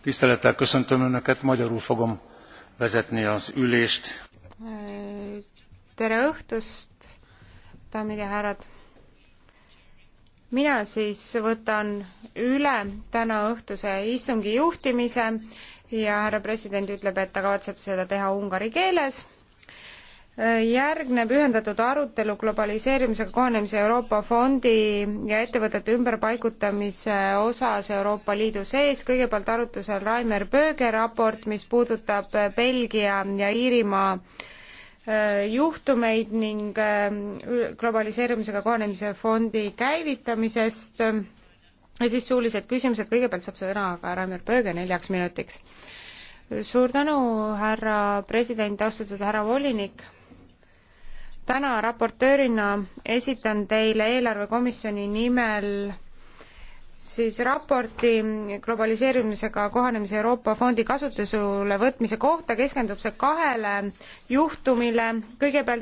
tisztelettel köszöntöm önöket magyarul fogom vezetni az ülést. tere õhtust daamid ja härrad! mina siis võtan üle tänaõhtuse istungi juhtimise ja härra president ütleb, et ta kavatseb seda teha ungari keeles. järgneb ühendatud arutelu globaliseerimisega kohanemise Euroopa Fondi ja ettevõtete ümberpaigutamise osas Euroopa Liidu sees. kõigepealt arutusel Rainer Pööge raport, mis puudutab Belgia ja Iirimaa Äh, juhtumeid ning äh, globaliseerumisega kohanemise fondi käivitamisest ja siis suulised küsimused, kõigepealt saab sõna ka Raimar Pööge neljaks minutiks. suur tänu, härra president, austatud härra volinik, täna raportöörina esitan teile eelarvekomisjoni nimel siis raporti globaliseerumisega kohanemise Euroopa fondi kasutusele võtmise kohta keskendub see kahele juhtumile kõigepealt